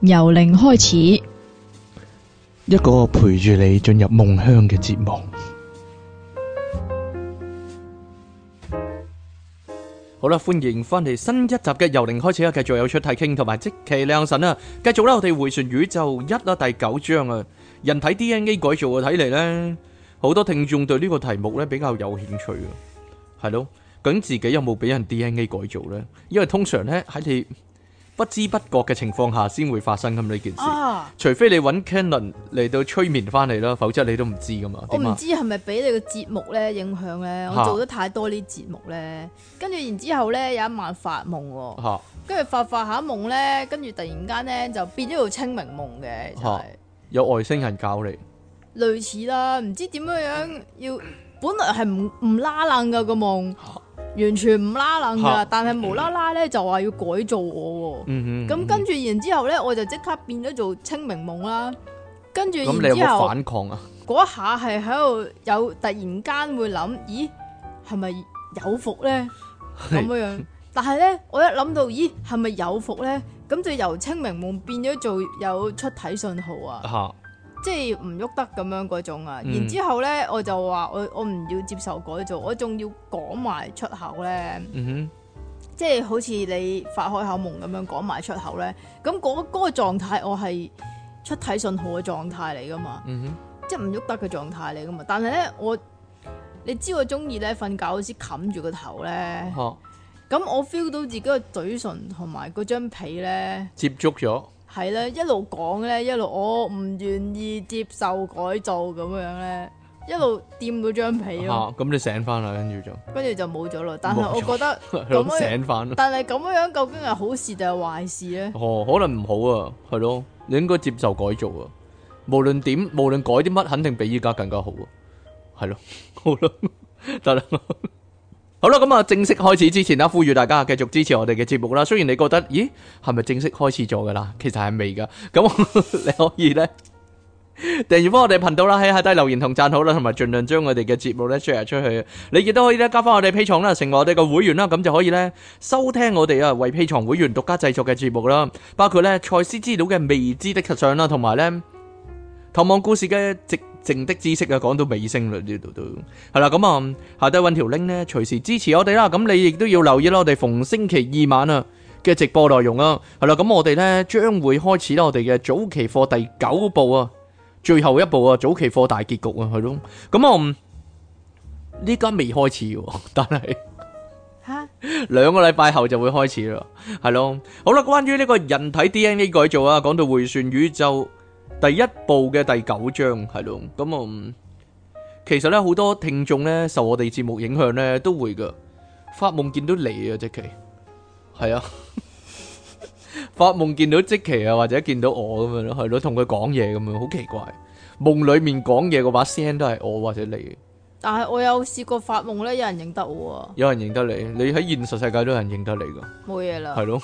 由零開始，一個陪住你進入夢鄉嘅節目。好啦，歡迎翻嚟新一集嘅由零開始啊！繼續有出太傾同埋即期靚神啊！繼續啦，我哋回旋宇宙一啦，第九章啊！人體 D N A 改造啊，睇嚟咧，好多聽眾對呢個題目咧比較有興趣啊，係咯，究竟自己有冇俾人 D N A 改造咧？因為通常咧喺你不知不覺嘅情況下先會發生咁呢件事，啊、除非你揾 Canon 嚟到催眠翻嚟啦，否則你都唔知噶嘛。我唔知係咪俾你個節目咧影響咧，啊、我做得太多啲節目咧，跟住然之後咧有一晚發夢喎、哦，跟住、啊、發發下一夢咧，跟住突然間咧就變咗做清明夢嘅，就係啊、有外星人搞你，類似啦，唔知點樣樣要，本來係唔唔拉冷噶、嗰個夢。啊完全唔拉楞噶，但係無啦啦咧就話要改造我，咁、嗯嗯嗯、跟住然之後咧，我就即刻變咗做清明夢啦。跟住然之後，嗰、反抗啊、一下係喺度有突然間會諗，咦係咪有福咧咁樣 但呢？但係咧我一諗到，咦係咪有伏咧？咁就由清明夢變咗做有出體信號啊！嗯即係唔喐得咁樣嗰種啊，嗯、然之後咧我就話我我唔要接受改造，我仲要講埋出口咧，嗯、哼即係好似你發開口夢咁樣講埋出口咧。咁嗰嗰個狀態我係出體信號嘅狀態嚟噶嘛，嗯、哼即係唔喐得嘅狀態嚟噶嘛。但係咧我，你知我中意咧瞓覺好似冚住個頭咧，咁、嗯、我 feel 到自己個嘴唇同埋嗰張被咧接觸咗。係咧，一路講咧，一路我唔願意接受改造咁樣咧，一路掂到張被喎。嚇！咁你醒翻啦，跟住就，跟住就冇咗喇。冇。但係我覺得咁醒翻。但係咁樣究竟係好事定係壞事咧？哦，可能唔好啊，係咯，你應該接受改造啊。無論點，無論改啲乜，肯定比依家更加好啊。係咯，好咯，得啦。好啦，咁啊，正式開始之前啦，呼籲大家繼續支持我哋嘅節目啦。雖然你覺得，咦，係咪正式開始咗噶啦？其實係未噶。咁 你可以咧訂閱翻我哋頻道啦，喺下低留言同讚好啦，同埋盡量將我哋嘅節目咧 share 出去。你亦都可以咧加翻我哋 Patreon 啦，成為我哋嘅會員啦，咁就可以咧收聽我哋啊為 Patreon 會員獨家製作嘅節目啦，包括咧賽斯資料嘅未知的實相啦，同埋咧探望故事嘅直淨的知識啊，講到尾聲啦，呢度都係啦，咁啊、嗯，下低揾條 link 咧，隨時支持我哋啦，咁、嗯、你亦都要留意啦，我哋逢星期二晚啊嘅直播內容啊，係啦，咁、嗯、我哋咧將會開始啦，我哋嘅早期貨第九部啊，最後一部啊，早期貨大結局啊，係咯，咁、嗯、啊，呢家未開始，但係吓 兩個禮拜後就會開始啦，係咯、嗯，好啦，關於呢個人體 DNA 改造啊，講到回旋宇宙。第一部嘅第九章，係咯。咁啊，其實咧好多聽眾咧受我哋節目影響咧都會噶，發夢見到你啊，即奇，係啊，發夢見到即奇啊，或者見到我咁樣咯，係咯，同佢講嘢咁樣，好奇怪，夢裏面講嘢嗰把聲都係我或者你。但係我有試過發夢咧，有人認得我。有人認得你，你喺現實世界都有人認得你噶。冇嘢啦。係咯。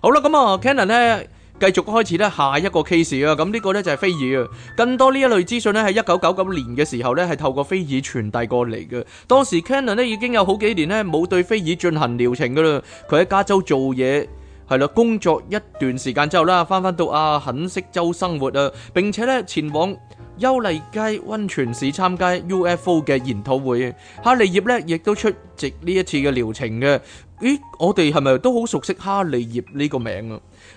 好啦，咁啊，Cannon 咧。繼續開始咧，下一個 case 啊！咁呢個咧就係飛耳啊。更多呢一類資訊咧，喺一九九九年嘅時候咧，係透過飛耳傳遞過嚟嘅。當時 Cannon 咧已經有好幾年咧冇對飛耳進行療程㗎喇。佢喺加州做嘢，係啦，工作一段時間之後啦，返返到阿肯色州生活啊。並且咧前往優麗街溫泉市參加 UFO 嘅研討會。哈利葉咧亦都出席呢一次嘅療程嘅。咦，我哋係咪都好熟悉哈利葉呢個名啊？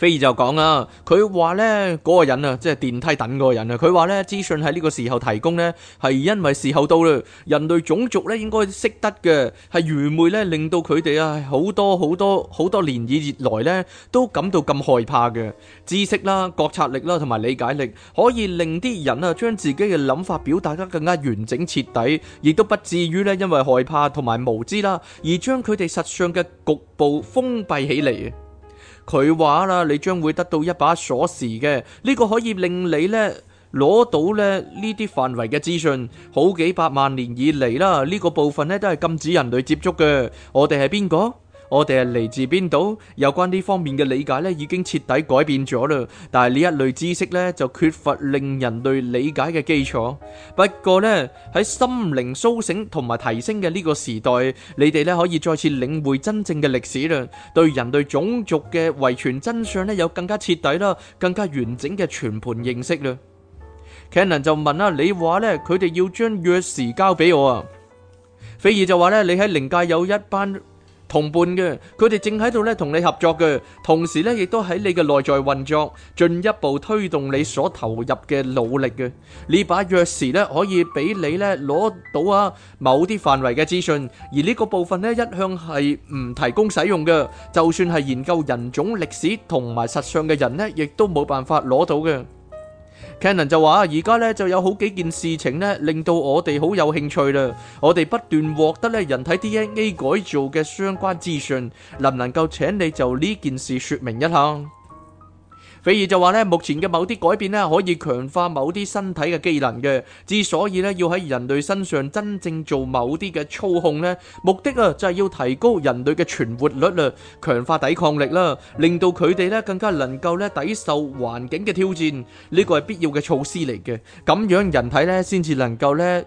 菲爾就講啦，佢話呢嗰個人啊，即係電梯等嗰個人啊。佢話呢資訊喺呢個時候提供呢，係因為時候到啦。人類種族呢應該識得嘅係愚昧呢令到佢哋啊好多好多好多年以嚟來呢都感到咁害怕嘅知識啦、覺察力啦同埋理解力，可以令啲人啊將自己嘅諗法表達得更加完整徹底，亦都不至於呢因為害怕同埋無知啦，而將佢哋實相嘅局部封閉起嚟。佢話啦，你將會得到一把鎖匙嘅，呢個可以令你咧攞到咧呢啲範圍嘅資訊。好幾百萬年以嚟啦，呢個部分咧都係禁止人類接觸嘅。我哋係邊個？我哋係嚟自邊度？有關呢方面嘅理解咧，已經徹底改變咗啦。但係呢一類知識咧，就缺乏令人類理解嘅基礎。不過呢，喺心靈蘇醒同埋提升嘅呢個時代，你哋咧可以再次領會真正嘅歷史啦。對人類種族嘅遺傳真相咧，有更加徹底啦、更加完整嘅全盤認識啦。Cannon 就問啊，你話呢，佢哋要將鑰匙交俾我啊？菲爾就話呢，你喺靈界有一班。同伴嘅，佢哋正喺度咧同你合作嘅，同時咧亦都喺你嘅內在運作，進一步推動你所投入嘅努力嘅。呢把鑰匙咧可以俾你咧攞到啊某啲範圍嘅資訊，而呢個部分咧一向係唔提供使用嘅，就算係研究人種歷史同埋實相嘅人咧，亦都冇辦法攞到嘅。Cannon 就話而家咧就有好幾件事情咧，令到我哋好有興趣啦。我哋不斷獲得咧人體 DNA 改造嘅相關資訊，能唔能夠請你就呢件事説明一下？菲爾就話咧，目前嘅某啲改變咧，可以強化某啲身體嘅機能嘅。之所以咧要喺人類身上真正做某啲嘅操控咧，目的啊就係要提高人類嘅存活率啦，強化抵抗力啦，令到佢哋咧更加能夠咧抵受環境嘅挑戰。呢個係必要嘅措施嚟嘅，咁樣人體咧先至能夠咧。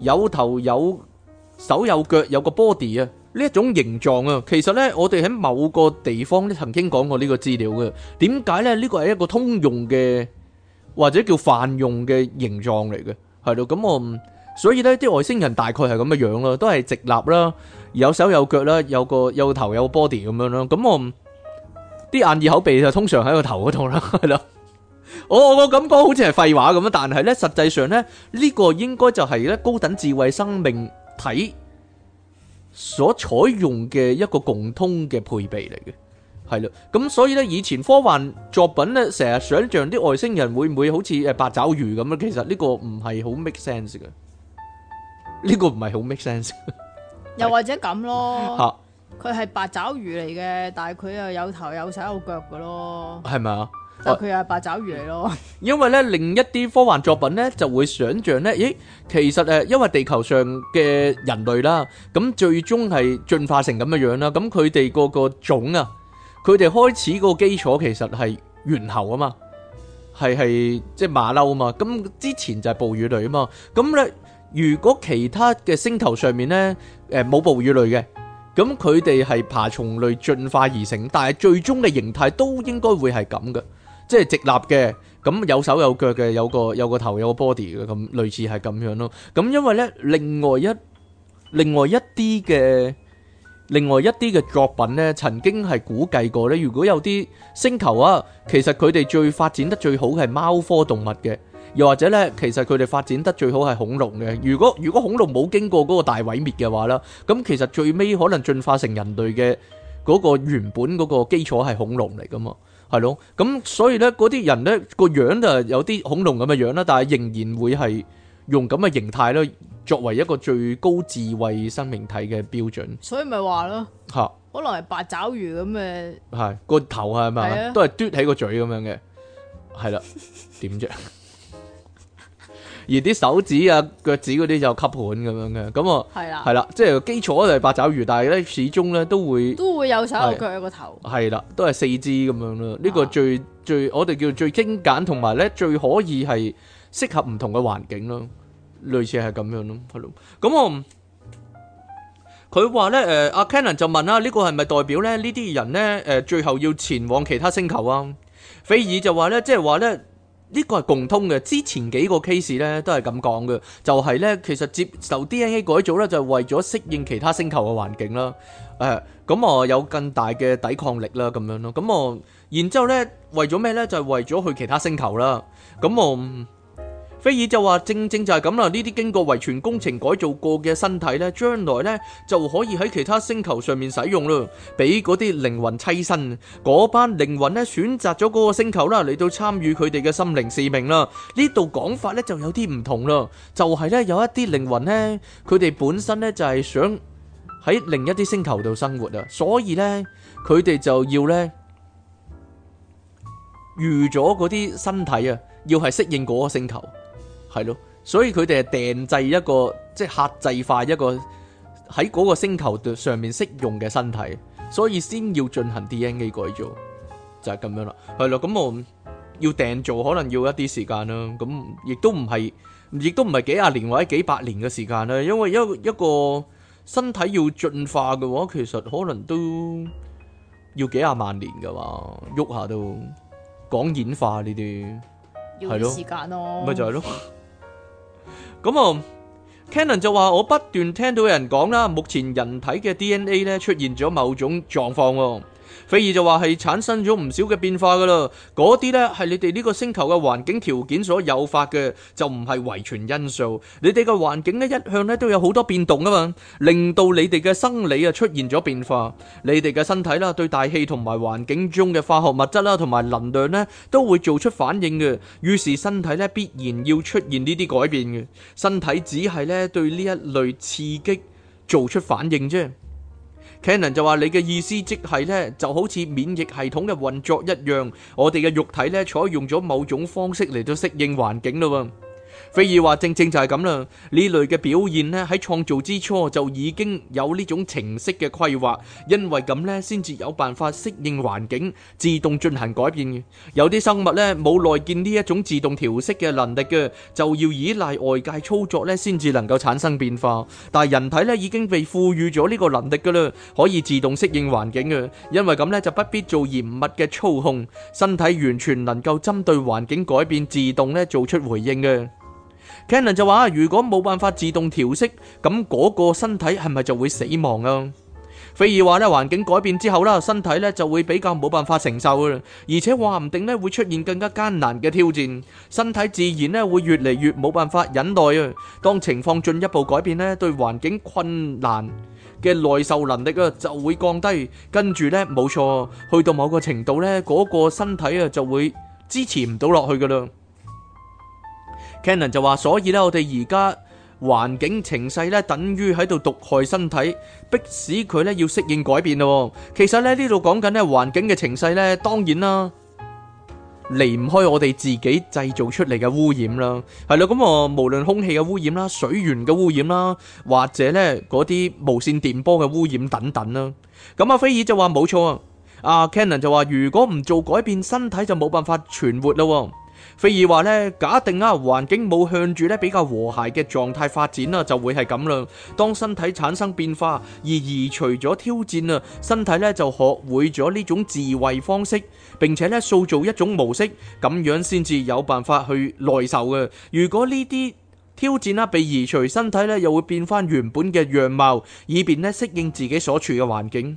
有頭有手有腳有個 body 啊，呢一種形狀啊，其實咧我哋喺某個地方咧曾經講過個資呢個資料嘅，點解咧呢個係一個通用嘅或者叫泛用嘅形狀嚟嘅，係咯，咁、嗯、我所以咧啲外星人大概係咁嘅樣咯，都係直立啦，有手有腳啦，有個有頭有 body 咁樣咯，咁我啲眼耳口鼻就通常喺個頭嗰度啦，係咯。我我個感覺好似係廢話咁樣，但係咧，實際上咧，呢個應該就係咧高等智慧生命體所採用嘅一個共通嘅配備嚟嘅，係啦。咁所以咧，以前科幻作品咧，成日想象啲外星人會唔會好似誒八爪魚咁樣？其實呢個唔係好 make sense 嘅，呢個唔係好 make sense。又或者咁咯，吓佢係八爪魚嚟嘅，但係佢又有頭有手有腳㗎咯，係咪啊？就佢又係八爪魚嚟咯。 因為咧另一啲科幻作品咧就會想象咧，咦，其實誒，因為地球上嘅人類啦，咁最終係進化成咁嘅樣啦，咁佢哋個個種啊，佢哋開始個基礎其實係猿猴啊嘛，係係即係馬騮啊嘛，咁之前就係哺乳類啊嘛，咁咧如果其他嘅星球上面咧，誒冇哺乳類嘅，咁佢哋係爬蟲類進化而成，但係最終嘅形態都應該會係咁嘅。即係直立嘅，咁有手有腳嘅，有個有個頭有個 body 嘅，咁類似係咁樣咯。咁因為咧，另外一另外一啲嘅，另外一啲嘅作品咧，曾經係估計過咧，如果有啲星球啊，其實佢哋最發展得最好係貓科動物嘅，又或者咧，其實佢哋發展得最好係恐龍嘅。如果如果恐龍冇經過嗰個大毀滅嘅話啦，咁其實最尾可能進化成人類嘅嗰個原本嗰個基礎係恐龍嚟嘅嘛。係咯，咁所以咧，嗰啲人咧個樣就有啲恐龍咁嘅樣啦，但係仍然會係用咁嘅形態咧，作為一個最高智慧生命體嘅標準。所以咪話咯，吓、啊、可能係八爪魚咁嘅，係個頭係咪的都係嘟起個嘴咁樣嘅，係啦，點啫？ 而啲手指啊、腳趾嗰啲就吸盤咁樣嘅，咁啊，係啦，係啦，即係基礎嗰度係八爪魚，但係咧始終咧都會都會有手有腳有個頭，係啦，都係四肢咁樣咯。呢個最、啊、最，最我哋叫做最精簡，同埋咧最可以係適合唔同嘅環境咯，類似係咁樣咯，係咯。咁我佢話咧，誒、嗯、阿、呃啊、CANNON 就問啦，呢個係咪代表咧呢啲人咧誒最後要前往其他星球啊？菲爾就話咧，即係話咧。呢個係共通嘅，之前幾個 case 咧都係咁講嘅，就係、是、咧其實接受 DNA 改造咧就係、是、為咗適應其他星球嘅環境啦，誒咁啊有更大嘅抵抗力啦咁樣咯，咁啊然之後咧為咗咩咧就係、是、為咗去其他星球啦，咁我。菲爾就話正正就係咁啦，呢啲經過遺傳工程改造過嘅身體呢，將來呢，就可以喺其他星球上面使用啦，俾嗰啲靈魂棲身。嗰班靈魂呢，選擇咗嗰個星球啦，嚟到參與佢哋嘅心靈使命啦。呢度講法呢，就有啲唔同啦。就係呢，有一啲靈魂呢，佢哋本身呢，就係想，喺另一啲星球度生活啊。所以呢，佢哋就要呢，預咗嗰啲身體呀，要係適應嗰個星球。係咯，所以佢哋係訂製一個即係客製化一個喺嗰個星球上面適用嘅身體，所以先要進行 DNA 改造，就係、是、咁樣啦。係咯，咁我要訂做可能要一啲時間啦。咁亦都唔係，亦都唔係幾廿年或者幾百年嘅時間啦。因為一一個身體要進化嘅話，其實可能都要幾廿萬年嘅話，喐下都講演化呢啲，係咯，要時間咯，咪就係、是、咯。 咁啊、嗯，Cannon 就話：我不斷聽到有人講啦，目前人體嘅 DNA 咧出現咗某種狀況喎。菲爾就話係產生咗唔少嘅變化噶啦，嗰啲咧係你哋呢個星球嘅環境條件所誘發嘅，就唔係遺傳因素。你哋嘅環境咧一向咧都有好多變動啊嘛，令到你哋嘅生理啊出現咗變化。你哋嘅身體啦，對大氣同埋環境中嘅化學物質啦，同埋能量咧，都會做出反應嘅，於是身體咧必然要出現呢啲改變嘅。身體只係咧對呢一類刺激做出反應啫。Cannon 就話：你嘅意思即係咧，就好似免疫系統嘅運作一樣，我哋嘅肉體咧採用咗某種方式嚟到適應環境咯喎。菲爾話：正正就係咁啦，呢類嘅表現咧喺創造之初就已經有呢種程式嘅規劃，因為咁咧先至有辦法適應環境，自動進行改變。有啲生物咧冇內建呢一種自動調適嘅能力嘅，就要依賴外界操作咧先至能夠產生變化。但係人體咧已經被賦予咗呢個能力噶啦，可以自動適應環境嘅，因為咁咧就不必做嚴密嘅操控，身體完全能夠針對環境改變，自動咧做出回應嘅。Cannon 就話啊，如果冇辦法自動調適，咁嗰個身體係咪就會死亡啊？菲爾話咧，環境改變之後咧，身體咧就會比較冇辦法承受啊，而且話唔定咧會出現更加艱難嘅挑戰，身體自然咧會越嚟越冇辦法忍耐啊。當情況進一步改變咧，對環境困難嘅耐受能力啊就會降低，跟住咧冇錯，去到某個程度咧，嗰個身體啊就會支持唔到落去噶啦。Cannon 就話，所以咧，我哋而家環境情勢咧，等於喺度毒害身體，迫使佢咧要適應改變咯。其實咧，呢度講緊咧環境嘅情勢咧，當然啦，離唔開我哋自己製造出嚟嘅污染啦。係啦，咁、嗯、啊，無論空氣嘅污染啦、水源嘅污染啦，或者咧嗰啲無線電波嘅污染等等啦。咁啊，菲爾就話冇錯啊。啊，Cannon 就話，如果唔做改變，身體就冇辦法存活咯。菲爾話呢，假定啊環境冇向住咧比較和諧嘅狀態發展啦，就會係咁啦。當身體產生變化而移除咗挑戰啊，身體呢就學會咗呢種自衛方式，並且呢塑造一種模式，咁樣先至有辦法去耐受嘅。如果呢啲挑戰啦被移除，身體呢又會變翻原本嘅樣貌，以便咧適應自己所處嘅環境。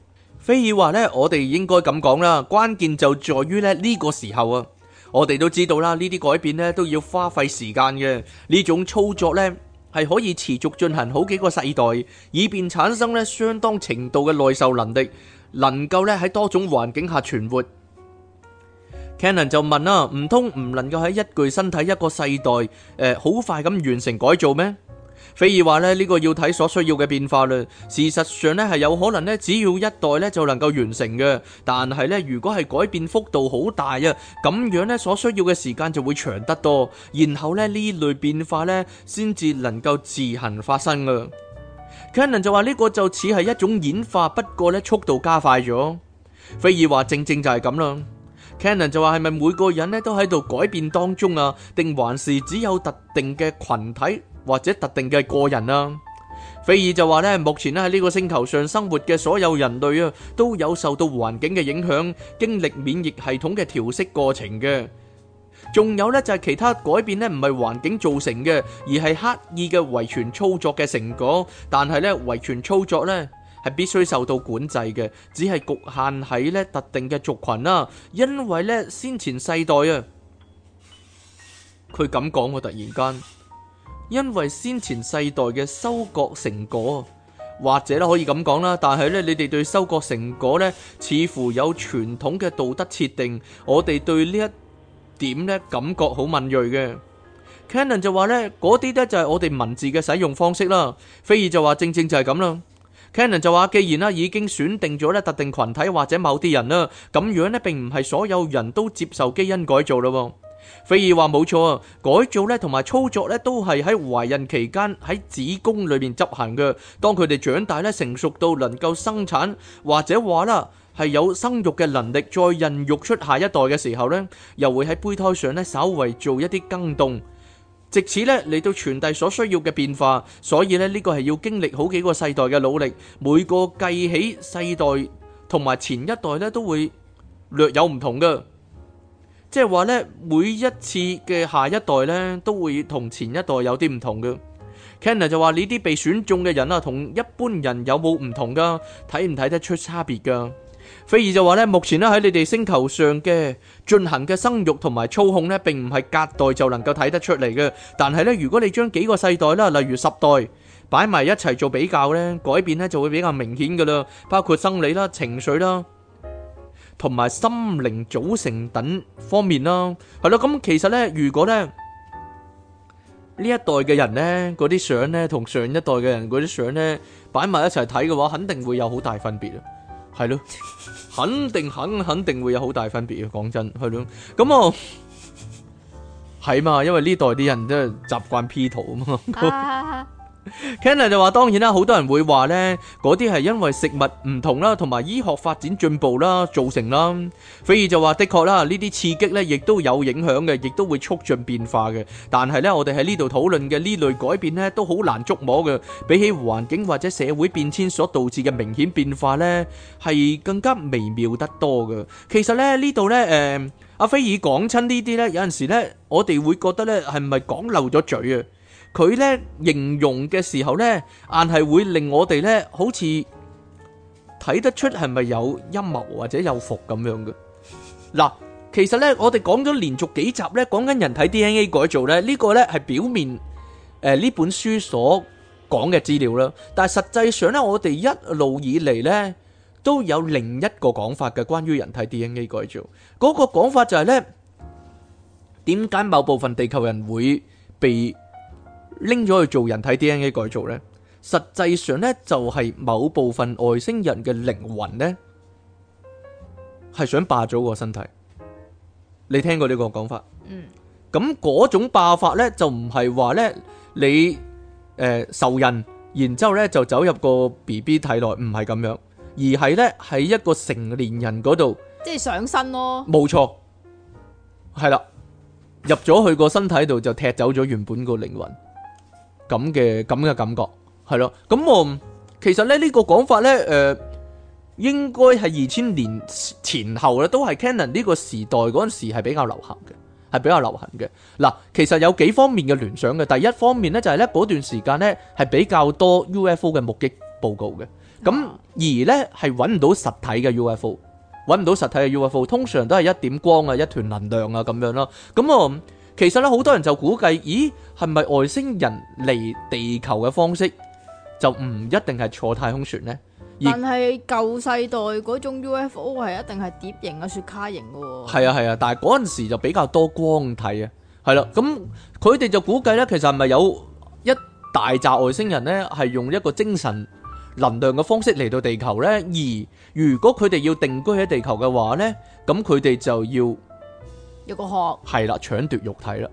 菲爾話咧，我哋應該咁講啦，關鍵就在於咧呢個時候啊，我哋都知道啦，呢啲改變咧都要花費時間嘅，呢種操作咧係可以持續進行好幾個世代，以便產生咧相當程度嘅耐受能力，能夠咧喺多種環境下存活。Cannon 就問啊，唔通唔能夠喺一具身體一個世代誒好、呃、快咁完成改造咩？菲爾話呢，呢個要睇所需要嘅變化啦，事實上呢，係有可能呢，只要一代呢，就能夠完成嘅，但係呢，如果係改變幅度好大啊，咁樣呢，所需要嘅時間就會長得多，然後呢，呢類變化呢，先至能夠自行發生噶。Cannon 就話呢個就似係一種演化，不過呢，速度加快咗。菲爾話正正就係咁啦。Cannon 就話係咪每個人呢，都喺度改變當中啊，定還是只有特定嘅群體？或者特定嘅個人啦，菲爾就話呢，目前呢喺呢個星球上生活嘅所有人類啊，都有受到環境嘅影響，經歷免疫系統嘅調適過程嘅。仲有呢就係其他改變呢，唔係環境造成嘅，而係刻意嘅遺傳操作嘅成果。但係呢，遺傳操作呢係必須受到管制嘅，只係局限喺呢特定嘅族群啦。因為呢先前世代啊，佢咁講，我突然間。因為先前世代嘅收割成果，或者咧可以咁講啦，但係咧你哋對收割成果咧，似乎有傳統嘅道德設定，我哋對呢一點咧感覺好敏鋭嘅。Cannon 就話咧，嗰啲咧就係我哋文字嘅使用方式啦。菲爾就話正正就係咁啦。Cannon 就話，既然啦已經選定咗咧特定羣體或者某啲人啦，咁樣咧並唔係所有人都接受基因改造啦。菲爾話：冇錯，改造咧同埋操作咧都係喺懷孕期間喺子宮裏面執行嘅。當佢哋長大咧成熟到能夠生產，或者話啦係有生育嘅能力，再孕育出下一代嘅時候咧，又會喺胚胎上咧稍微做一啲更動，直至咧嚟到傳遞所需要嘅變化。所以咧呢個係要經歷好幾個世代嘅努力，每個計起世代同埋前一代咧都會略有唔同嘅。即係話咧，每一次嘅下一代咧，都會同前一代有啲唔同嘅。Cannon 就話：呢啲被選中嘅人啊，同一般人有冇唔同噶？睇唔睇得出差別噶？菲爾就話咧：目前咧喺你哋星球上嘅進行嘅生育同埋操控咧，並唔係隔代就能夠睇得出嚟嘅。但係咧，如果你將幾個世代啦，例如十代擺埋一齊做比較咧，改變咧就會比較明顯噶啦。包括生理啦，情緒啦。.同埋心靈組成等方面咯，係咯。咁其實咧，如果咧呢一代嘅人咧，嗰啲相咧，同上一代嘅人嗰啲相咧擺埋一齊睇嘅話，肯定會有好大分別啊！係咯，肯定肯肯定會有好大分別啊！講真係咯，咁我係嘛，因為呢代啲人都係習慣 P 圖啊嘛。Cannon 就話當然啦，好多人會話呢嗰啲係因為食物唔同啦，同埋醫學發展進步啦造成啦。菲爾就話的確啦，呢啲刺激呢亦都有影響嘅，亦都會促進變化嘅。但係呢，我哋喺呢度討論嘅呢類改變呢都好難捉摸嘅。比起環境或者社會變遷所導致嘅明顯變化呢，係更加微妙得多嘅。其實咧呢度呢，誒、呃，阿菲爾講親呢啲呢，有陣時呢，我哋會覺得呢係咪講漏咗嘴啊？佢咧形容嘅時候咧，硬係會令我哋咧好似睇得出係咪有陰謀或者有伏咁樣嘅。嗱，其實咧我哋講咗連續幾集咧，講緊人體 DNA 改造咧，呢個咧係表面誒呢本書所講嘅資料啦。但係實際上咧，我哋一路以嚟咧都有另一個講法嘅，關於人體 DNA 改造嗰個講法就係咧，點解某部分地球人會被拎咗去做人體 DNA 改造呢，實際上呢，就係某部分外星人嘅靈魂呢，係想霸咗個身體。你聽過呢個講法？嗯。咁嗰種霸法呢，就唔係話呢，你誒受孕，然之後咧就走入個 B B 體內，唔係咁樣，而係呢，喺一個成年人嗰度，即係上身咯。冇錯，係啦，入咗去個身體度就踢走咗原本個靈魂。咁嘅咁嘅感覺，係咯？咁、嗯、我其實咧呢個講法咧，誒、呃、應該係二千年前後咧，都係 Cannon 呢個時代嗰陣時係比較流行嘅，係比較流行嘅。嗱，其實有幾方面嘅聯想嘅。第一方面咧就係咧嗰段時間咧係比較多 UFO 嘅目擊報告嘅，咁、嗯、而咧係揾唔到實體嘅 UFO，揾唔到實體嘅 UFO，通常都係一點光啊，一團能量啊咁樣咯。咁、嗯、我。嗯其實咧，好多人就估計，咦，係咪外星人嚟地球嘅方式就唔一定係坐太空船呢？但係舊世代嗰種 UFO 係一定係碟形啊、雪茄形嘅喎。係啊係啊，但係嗰陣時就比較多光體啊，係啦。咁佢哋就估計呢，其實係咪有一大紮外星人呢，係用一個精神能量嘅方式嚟到地球呢？而如果佢哋要定居喺地球嘅話呢，咁佢哋就要。有個殼係啦，搶奪肉體啦，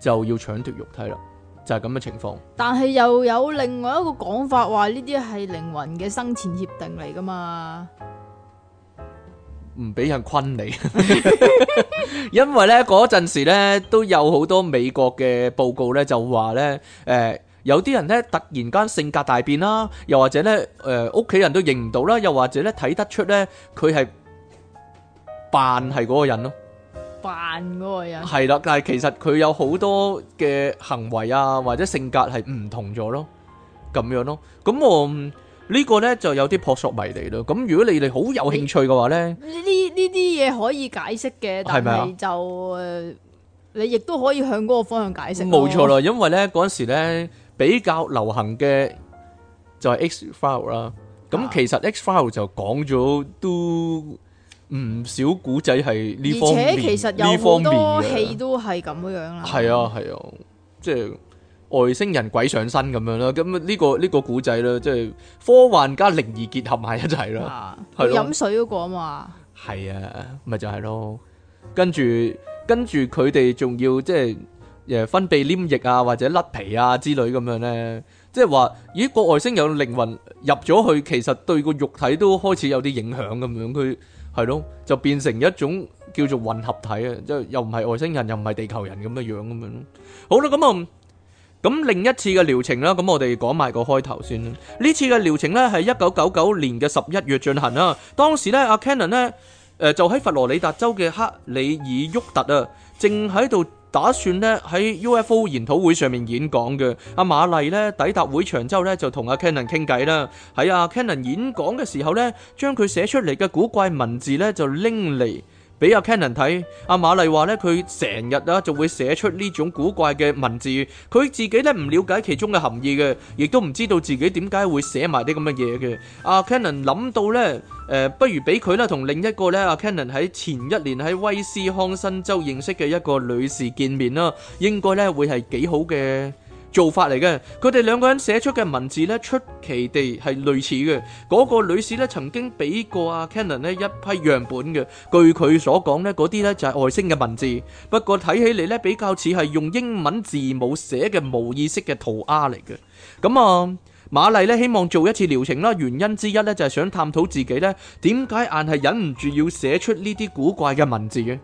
就要搶奪肉體啦，就係咁嘅情況。但係又有另外一個講法，話呢啲係靈魂嘅生前協定嚟噶嘛？唔俾人昆你， 因為咧嗰陣時咧都有好多美國嘅報告咧，就話咧誒，有啲人咧突然間性格大變啦，又或者咧誒，呃、屋企人都認唔到啦，又或者咧睇得出咧佢係扮係嗰個人咯。慣嘅人係啦，但係其實佢有好多嘅行為啊，或者性格係唔同咗咯，咁樣咯。咁我呢個咧就有啲撲朔迷離咯。咁如果你哋好有興趣嘅話咧，呢呢啲嘢可以解釋嘅，但係就你亦都可以向嗰個方向解釋。冇錯啦，因為咧嗰陣時咧比較流行嘅就係 X file 啦。咁其實 X file 就講咗都。唔少古仔係呢方面，而且其實有好多呢方面嘅戲都係咁樣樣啦。係啊，係啊，即係、啊就是、外星人鬼上身咁樣啦。咁、這個這個、呢個呢個古仔咧，即、就、係、是、科幻加靈異結合埋一齊啦。係飲、啊啊、水嗰個啊嘛，係啊，咪就係、是、咯、啊啊就是啊。跟住跟住佢哋仲要即係誒分泌黏液啊，或者甩皮啊之類咁樣咧。即係話咦，個外星有靈魂入咗去，其實對個肉體都開始有啲影響咁樣佢。係咯，就變成一種叫做混合體啊，即係又唔係外星人，又唔係地球人咁嘅樣咁樣。好啦，咁啊，咁另一次嘅療程啦，咁我哋講埋個開頭先啦。呢次嘅療程咧係一九九九年嘅十一月進行啦。當時咧阿 Cannon 咧，誒就喺佛羅里達州嘅克里爾沃特啊，正喺度。打算咧喺 UFO 研討會上面演講嘅阿馬麗咧，抵達會場之後咧就同阿 Cannon 傾偈啦。喺阿 Cannon 演講嘅時候咧，將佢寫出嚟嘅古怪文字咧就拎嚟，俾阿 Cannon 睇，阿瑪麗話咧，佢成日啦就會寫出呢種古怪嘅文字，佢自己咧唔了解其中嘅含義嘅，亦都唔知道自己點解會寫埋啲咁嘅嘢嘅。阿 Cannon 諗到咧，誒、呃，不如俾佢啦同另一個咧阿 Cannon 喺前一年喺威斯康辛州認識嘅一個女士見面啦，應該咧會係幾好嘅。做法嚟嘅，佢哋兩個人寫出嘅文字呢，出奇地係類似嘅。嗰、那個女士咧曾經俾過阿 Cannon 呢一批樣本嘅，據佢所講呢，嗰啲呢就係、是、外星嘅文字。不過睇起嚟呢，比較似係用英文字母寫嘅無意識嘅塗鴉嚟嘅。咁、嗯、啊，瑪麗呢希望做一次療程啦，原因之一呢，就係、是、想探討自己呢點解硬係忍唔住要寫出呢啲古怪嘅文字嘅。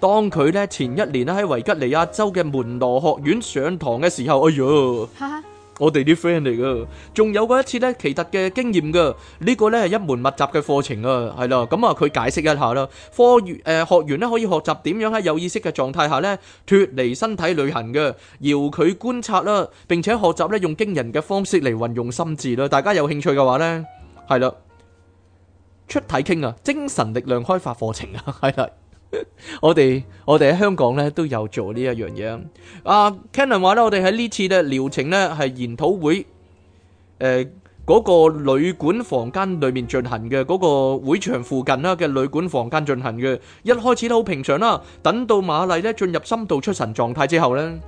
當佢咧前一年咧喺維吉尼亞州嘅門羅學院上堂嘅時候，哎呀，我哋啲 friend 嚟噶，仲有過一次咧，奇特嘅經驗噶，呢個咧係一門密集嘅課程啊，係啦，咁啊佢解釋一下啦，科員誒學員咧可以學習點樣喺有意識嘅狀態下咧脫離身體旅行嘅遙距觀察啦，並且學習咧用驚人嘅方式嚟運用心智啦，大家有興趣嘅話咧，係啦，出體傾啊，精神力量開發課程啊，係啦。 我哋我哋喺香港咧都有做呢一樣嘢啊！阿 Cannon 話咧，我哋喺呢次嘅療程咧係研討會嗰、呃那個旅館房間裏面進行嘅，嗰、那個會場附近啦嘅旅館房間進行嘅。一開始都好平常啦、啊，等到瑪麗咧進入深度出神狀態之後呢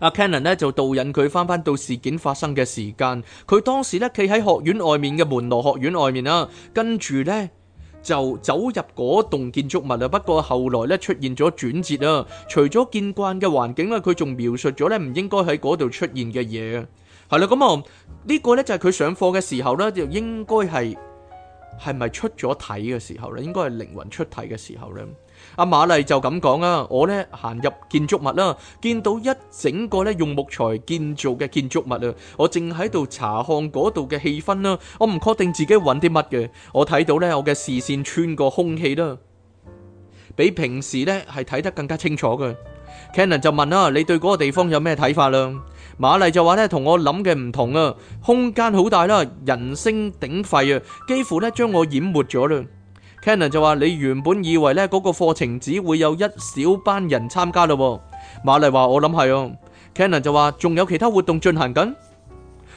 阿、啊、Cannon 咧就導引佢翻返到事件發生嘅時間，佢當時咧企喺學院外面嘅門羅學院外面啦、啊，跟住呢。就走入嗰棟建築物啦，不過後來咧出現咗轉折啦，除咗見慣嘅環境啦，佢仲描述咗咧唔應該喺嗰度出現嘅嘢啊，係啦，咁啊呢個咧就係佢上課嘅時候咧，就應該係係咪出咗體嘅時候咧？應該係靈魂出體嘅時候咧？阿馬麗就咁講啊，我呢行入建築物啦，見到一整個呢用木材建造嘅建築物啊，我正喺度查看嗰度嘅氣氛啦，我唔確定自己揾啲乜嘅，我睇到呢，我嘅視線穿過空氣啦，比平時呢係睇得更加清楚嘅。Cannon 就問啦：你對嗰個地方有咩睇法啦？馬麗就話呢同我諗嘅唔同啊，空間好大啦，人聲鼎沸啊，幾乎呢將我淹沒咗啦。Cannon 就話：你原本以為呢嗰個課程只會有一小班人參加咯喎。馬麗話：我諗係哦。Cannon 就話：仲有其他活動進行緊。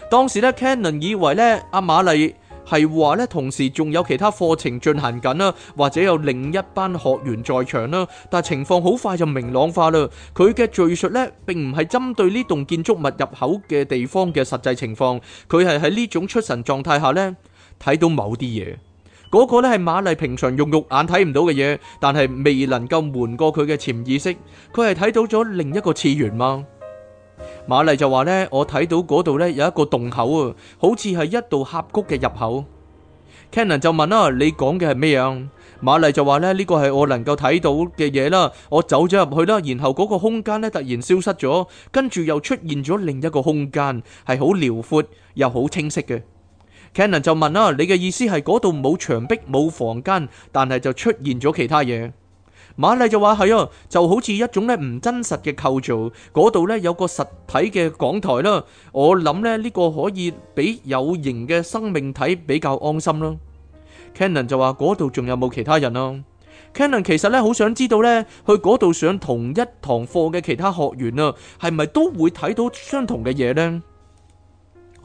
當時呢 Cannon 以為呢阿馬麗係話呢，同時仲有其他課程進行緊啦，或者有另一班學員在場啦。但情況好快就明朗化啦。佢嘅敘述呢，並唔係針對呢棟建築物入口嘅地方嘅實際情況，佢係喺呢種出神狀態下呢，睇到某啲嘢。嗰個咧係瑪麗平常用肉眼睇唔到嘅嘢，但係未能夠瞞過佢嘅潛意識。佢係睇到咗另一個次元嗎？瑪麗就話咧：我睇到嗰度咧有一個洞口啊，好似係一道峽谷嘅入口。Cannon 就問啊：你講嘅係咩啊？瑪麗就話咧：呢個係我能夠睇到嘅嘢啦，我走咗入去啦，然後嗰個空間咧突然消失咗，跟住又出現咗另一個空間，係好遼闊又好清晰嘅。Cannon 就問啊，你嘅意思係嗰度冇牆壁冇房間，但係就出現咗其他嘢。馬麗就話係啊，就好似一種咧唔真實嘅構造。嗰度咧有個實體嘅講台啦，我諗咧呢個可以俾有形嘅生命體比較安心囉。Cannon 就話，嗰度仲有冇其他人啊？Cannon 其實咧好想知道咧，去嗰度上同一堂課嘅其他學員啊，係咪都會睇到相同嘅嘢呢？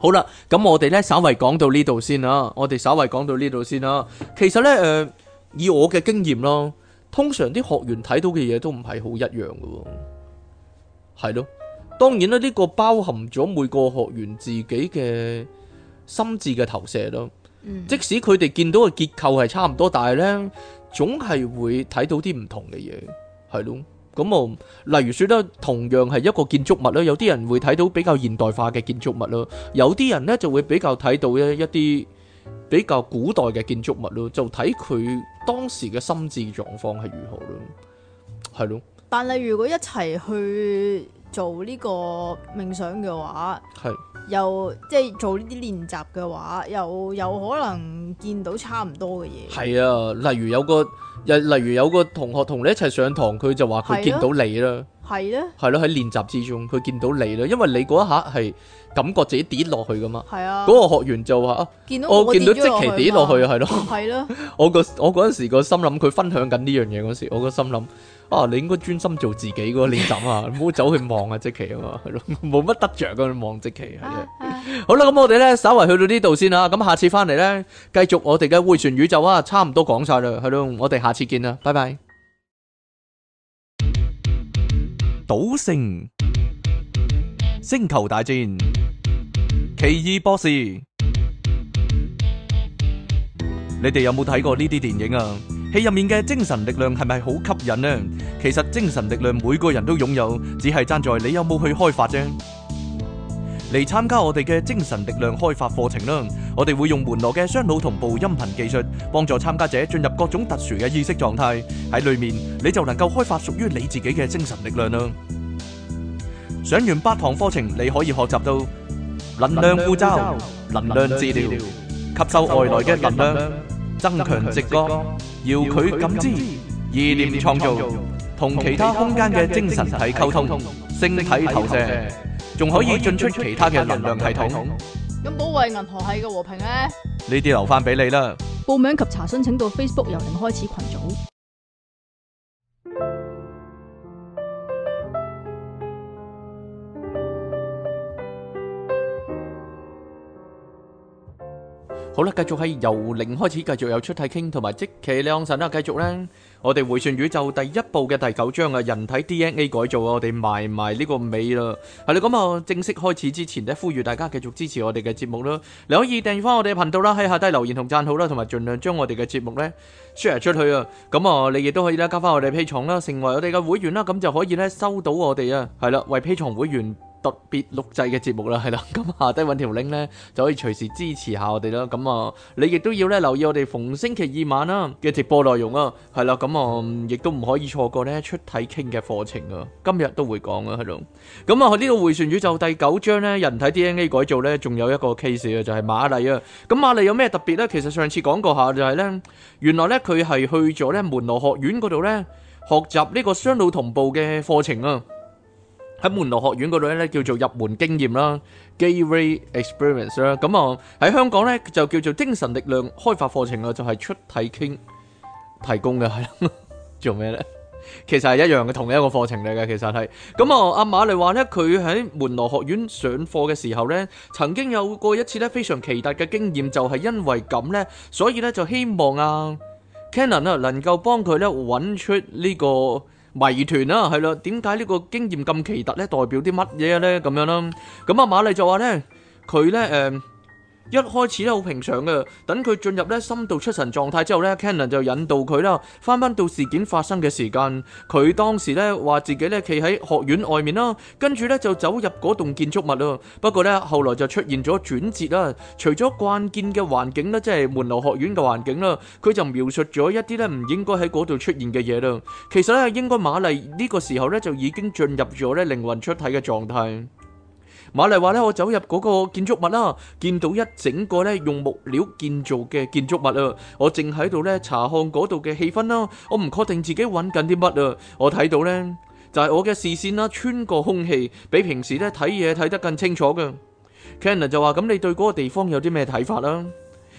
好啦，咁我哋咧，稍為講到呢度先啦，我哋稍為講到呢度先啦。其實咧，誒、呃，以我嘅經驗咯，通常啲學員睇到嘅嘢都唔係好一樣噶，係咯。當然啦，呢、呢個包含咗每個學員自己嘅心智嘅投射咯。嗯、即使佢哋見到嘅結構係差唔多，但係咧，總係會睇到啲唔同嘅嘢，係咯。咁啊，例如說咧，同樣係一個建築物咧，有啲人會睇到比較現代化嘅建築物咯，有啲人咧就會比較睇到一一啲比較古代嘅建築物咯，就睇佢當時嘅心智狀況係如何咯，係咯。但係如果一齊去。做呢個冥想嘅話，係又即係做呢啲練習嘅話，又有可能見到差唔多嘅嘢。係啊，例如有個，例如有個同學同你一齊上堂，佢就話佢見到你啦，係咧、啊，係咯，喺練習之中佢見到你啦，因為你嗰一下係。感覺自己跌落去噶嘛？係啊！嗰個學員就話，見到我，我見到即期跌落去，去啊，係咯。 係咯。我個我嗰陣時個心諗，佢分享緊呢樣嘢嗰時，我個心諗，啊，你應該專心做自己噶，你怎 啊？唔好走去望啊，即期啊嘛，係咯，冇乜得着咁望即期。好啦，咁我哋咧，稍為去到呢度先啊。咁下次翻嚟咧，繼續我哋嘅迴旋宇宙啊，差唔多講晒啦，係咯。我哋下次見啦，拜拜。賭聖星球大戰。奇異博士，你哋有冇睇過呢啲電影啊？戲入面嘅精神力量係咪好吸引呢？其實精神力量每個人都擁有，只係爭在你有冇去開發啫。嚟參加我哋嘅精神力量開發課程啦！我哋會用門羅嘅雙腦同步音頻技術，幫助參加者進入各種特殊嘅意識狀態，喺裏面你就能夠開發屬於你自己嘅精神力量啦。上完八堂課程，你可以學習到。能量符咒、能量治療、吸收外來嘅能量、增強直覺、遙距感知、意念創造、同其他空間嘅精神體溝通、星體投射，仲可以進出其他嘅能量系統。咁保衛銀河系嘅和平咧？呢啲留翻俾你啦。報名及查詢請到 Facebook 由零開始群組。好啦，繼續係由零開始，繼續有出體傾同埋即其兩神啦，繼續咧，我哋回旋宇宙第一部嘅第九章啊，人體 DNA 改造，我哋埋埋呢個尾啦，係啦，咁啊，正式開始之前咧，呼籲大家繼續支持我哋嘅節目啦，你可以訂翻我哋頻道啦，喺下低留言同讚好啦，同埋盡量將我哋嘅節目咧 share 出去啊，咁啊，你亦都可以咧加翻我哋 P 廠啦，成為我哋嘅會員啦，咁就可以咧收到我哋啊，係啦，為 P 廠會員。特別錄製嘅節目啦，係啦，咁、嗯、下低揾條 link 咧，就可以隨時支持下我哋啦。咁、嗯、啊，你亦都要咧留意我哋逢星期二晚啦嘅直播內容啊，係啦，咁、嗯、啊，亦、嗯、都唔可以錯過呢出體傾嘅課程、嗯、啊，今日都會講啊喺度。咁啊，呢個迴旋宇宙第九章咧，人體 DNA 改造咧，仲有一個 case 就啊，就係瑪麗啊。咁瑪麗有咩特別呢？其實上次講過下就係呢，原來呢，佢係去咗咧門羅學院嗰度呢，學習呢個雙腦同步嘅課程啊。喺門羅學院嗰度咧叫做入門經驗啦，Gateway Experience 啦，咁啊喺香港咧就叫做精神力量開發課程啊，就係出體傾提供嘅係啦，做咩咧？其實係一樣嘅，同一個課程嚟嘅，其實係咁啊。阿馬利話咧，佢喺門羅學院上課嘅時候咧，曾經有過一次咧非常奇特嘅經驗，就係因為咁咧，所以咧就希望啊，Cannon 啊能夠幫佢咧揾出呢個迷團啊，係咯，點解呢個經驗咁奇特咧？代表啲乜嘢咧？咁樣啦、啊，咁啊瑪麗就話咧，佢咧誒。呃一開始咧好平常嘅，等佢進入咧深度出神狀態之後咧，Cannon 就引導佢啦，翻翻到事件發生嘅時間，佢當時咧話自己咧企喺學院外面啦，跟住咧就走入嗰棟建築物啦。不過咧後來就出現咗轉折啦，除咗關鍵嘅環境咧，即係門羅學院嘅環境啦，佢就描述咗一啲咧唔應該喺嗰度出現嘅嘢啦。其實咧應該瑪麗呢個時候咧就已經進入咗咧靈魂出體嘅狀態。馬麗話咧：我走入嗰個建築物啦，見到一整個咧用木料建造嘅建築物啊！我正喺度咧查看嗰度嘅氣氛啦，我唔確定自己揾緊啲乜啊！我睇到咧就係我嘅視線啦，穿過空氣，比平時咧睇嘢睇得更清楚嘅。Cannon 就話：咁你對嗰個地方有啲咩睇法啦？」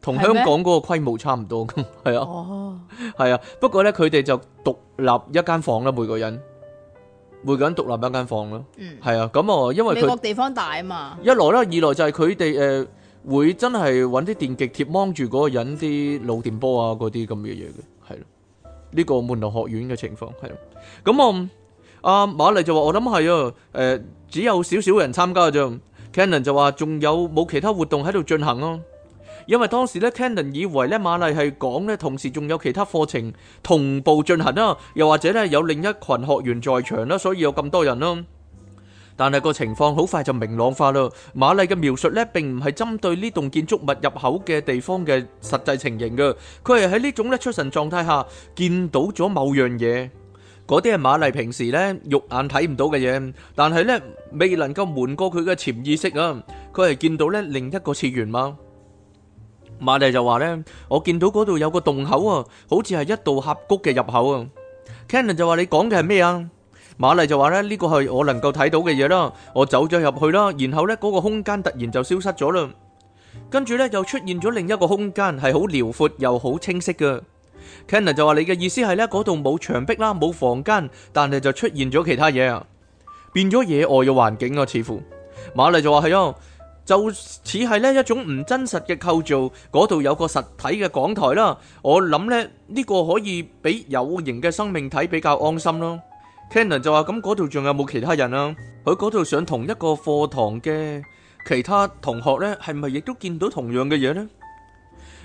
同香港嗰個規模差唔多，係嗎 啊，係、哦、 啊。不過咧，佢哋就獨立一間房啦，每個人，每個人獨立一間房啦、嗯啊。嗯，係啊。咁啊，因為美國地方大啊嘛。一來啦，二來就係佢哋誒會真係搵啲電極貼掹住嗰個人啲腦電波啊，嗰啲咁嘅嘢嘅，係咯、啊。呢、這個門羅學院嘅情況係咯。咁啊，阿馬麗就話我諗係啊，誒、啊呃、只有少少,少人參加咋。Cannon 就話仲有冇其他活動喺度進行咯、啊？因為當時咧，Cannon 以為咧馬麗係講咧，同時仲有其他課程同步進行啦，又或者咧有另一群學員在場啦，所以有咁多人囉。但係個情況好快就明朗化啦。馬麗嘅描述咧並唔係針對呢棟建築物入口嘅地方嘅實際情形㗎，佢係喺呢種咧出神狀態下見到咗某樣嘢。嗰啲係馬麗平時咧肉眼睇唔到嘅嘢，但係咧未能夠瞞過佢嘅潛意識啊。佢係見到咧另一個次元嘛。瑪麗就話呢，我見到嗰度有個洞口啊，好似係一道峽谷嘅入口啊。Cannon 就話：你講嘅係咩啊？瑪麗就話呢，呢、呢個係我能夠睇到嘅嘢啦，我走咗入去啦，然後呢，嗰個空間突然就消失咗啦，跟住呢，又出現咗另一個空間，係好遼闊又好清晰㗎。Cannon 就話：你嘅意思係呢？嗰度冇牆壁啦，冇房間，但係就出現咗其他嘢啊，變咗野外嘅環境啊，似乎。瑪麗就話係啊。就似係咧一種唔真實嘅構造，嗰度有個實體嘅講台啦。我諗咧呢個可以俾有形嘅生命體比較安心咯。Cannon 就話：「咁嗰度仲有冇其他人啊？佢嗰度上同一個課堂嘅其他同學呢，係咪亦都見到同樣嘅嘢呢？」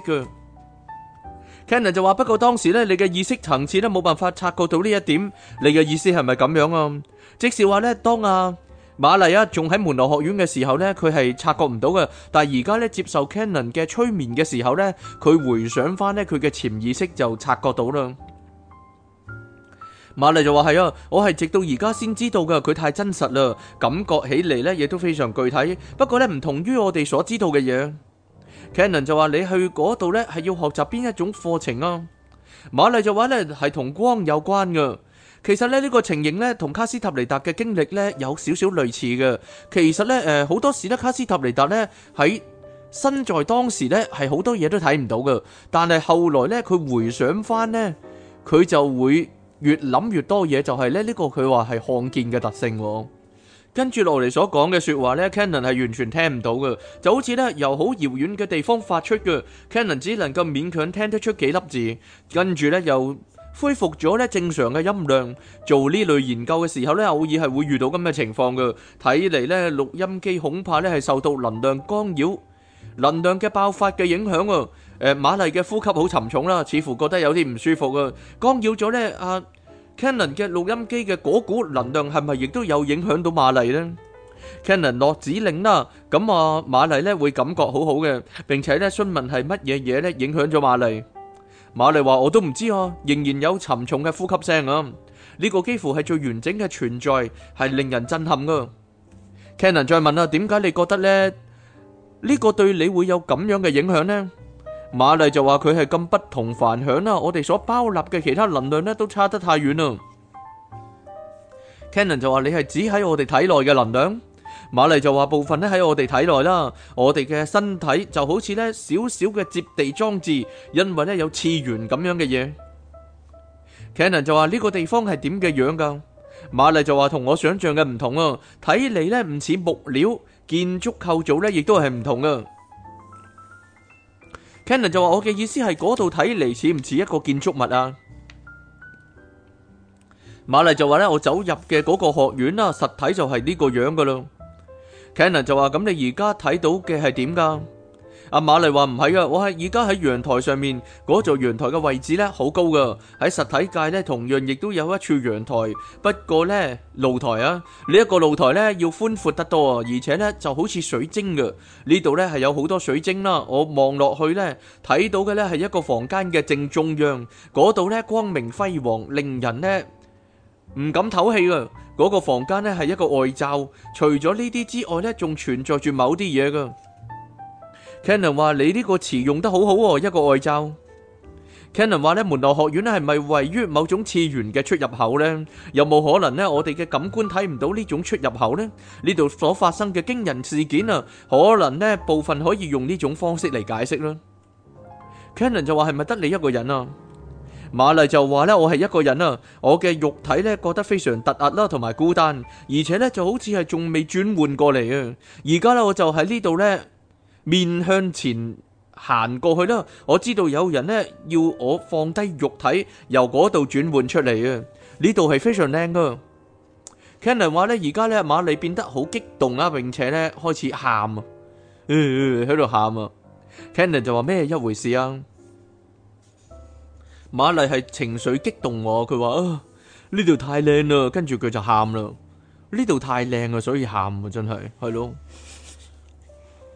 嘅，Cannon 就話：不過當時咧，你嘅意識層次咧，冇辦法察覺到呢一點。你嘅意思係咪咁樣啊？即是話呢，當阿馬麗啊，仲喺門羅學院嘅時候呢，佢係察覺唔到嘅。但係而家咧，接受 Cannon 嘅催眠嘅時候呢，佢回想翻咧，佢嘅潛意識就察覺到啦。馬麗就話：係啊，我係直到而家先知道嘅。佢太真實啦，感覺起嚟呢，亦都非常具體。不過呢，唔同於我哋所知道嘅嘢。Cannon 就話你去嗰度咧係要學習邊一種課程啊？瑪麗就話咧係同光有關嘅。其實咧呢個情形咧同卡斯塔尼達嘅經歷咧有少少類似嘅。其實咧誒好多時咧卡斯塔尼達咧喺身在當時咧係好多嘢都睇唔到嘅，但係後來咧佢回想翻呢佢就會越諗越多嘢，就係咧呢個佢話係看見嘅特性。跟住落嚟所講嘅説話咧，Cannon 係完全聽唔到嘅，就好似咧由好遙遠嘅地方發出嘅。Cannon 只能夠勉強聽得出幾粒字，跟住咧又恢復咗咧正常嘅音量。做呢類研究嘅時候咧，偶爾係會遇到咁嘅情況嘅。睇嚟咧錄音機恐怕咧係受到能量干擾、能量嘅爆發嘅影響啊！誒，瑪麗嘅呼吸好沉重啦，似乎覺得有啲唔舒服啊！干擾咗咧啊！Cannon 嘅錄音機嘅嗰股能量係咪亦都有影響到瑪麗呢？Cannon 落指令啦，咁啊瑪麗咧會感覺好好嘅，並且咧詢問係乜嘢嘢咧影響咗瑪麗。瑪麗話我都唔知啊，仍然有沉重嘅呼吸聲啊。呢個幾乎係最完整嘅存在，係令人震撼噶。Cannon 再問啊，點解你覺得咧呢個對你會有咁樣嘅影響呢？瑪麗就話佢係咁不同凡響啦，我哋所包納嘅其他能量呢，都差得太遠啦。Cannon 就話你係指喺我哋體內嘅能量？瑪麗就話部分呢喺我哋體內啦，我哋嘅身體就好似呢少少嘅接地裝置，因為呢有次元咁樣嘅嘢。Cannon 就話呢個地方係點嘅樣噶？瑪麗就話同我想象嘅唔同啊，睇嚟呢，唔似木料建築構造呢亦都係唔同啊。CANNON 就話：我嘅意思係嗰度睇嚟似唔似一個建築物啊？馬麗就話咧：我走入嘅嗰個學院啊，實體就係呢個樣噶咯。CANNON 就話：咁你而家睇到嘅係點㗎？阿瑪麗話唔係啊，我係而家喺陽台上面嗰座陽台嘅位置咧，好高噶。喺實體界咧，同樣亦都有一處陽台，不過咧露台啊，呢一個露台咧要寬闊得多，啊，而且咧就好似水晶噶。呢度咧係有好多水晶啦。我望落去咧睇到嘅咧係一個房間嘅正中央，嗰度咧光明輝煌，令人咧唔敢透氣啊！嗰個房間咧係一個外罩，除咗呢啲之外咧，仲存在住某啲嘢噶。Cannon 話：你呢個詞用得好好、啊、哦，一個外罩。Cannon 話呢，門羅學院咧係咪位於某種次元嘅出入口呢？有冇可能呢？我哋嘅感官睇唔到呢種出入口呢？呢度所發生嘅驚人事件啊，可能呢部分可以用呢種方式嚟解釋啦。Cannon 就話：係咪得你一個人啊？馬麗就話呢，我係一個人啊，我嘅肉體呢覺得非常突兀啦，同埋孤單，而且呢就好似係仲未轉換過嚟啊！而家呢，我就喺呢度呢。面向前行過去啦！我知道有人咧要我放低肉體，由嗰度轉換出嚟啊！呢度係非常靚㗎。Cannon 話咧，而家咧馬麗變得好激動啊，並且咧開始喊啊，喺度喊啊。Cannon、呃呃呃呃呃呃呃、就話咩一回事啊？馬麗係情緒激動啊！佢話啊，呢度太靚啦，跟住佢就喊啦。呢度太靚啊，所以喊啊，真係係咯。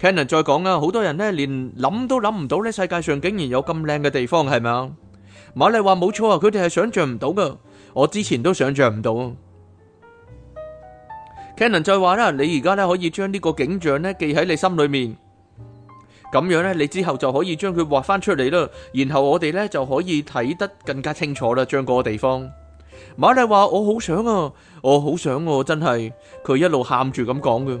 Cannon，再講啊，好多人咧，連諗都諗唔到咧，世界上竟然有咁靚嘅地方，係咪啊？馬麗話冇錯啊，佢哋係想象唔到噶，我之前都想象唔到。Cannon，再話啦，你而家咧可以將呢個景象咧記喺你心裏面，咁樣咧你之後就可以將佢畫翻出嚟啦。然後我哋咧就可以睇得更加清楚啦，將嗰個地方。馬麗話：我好想啊，我好想啊，真係佢一路喊住咁講噶。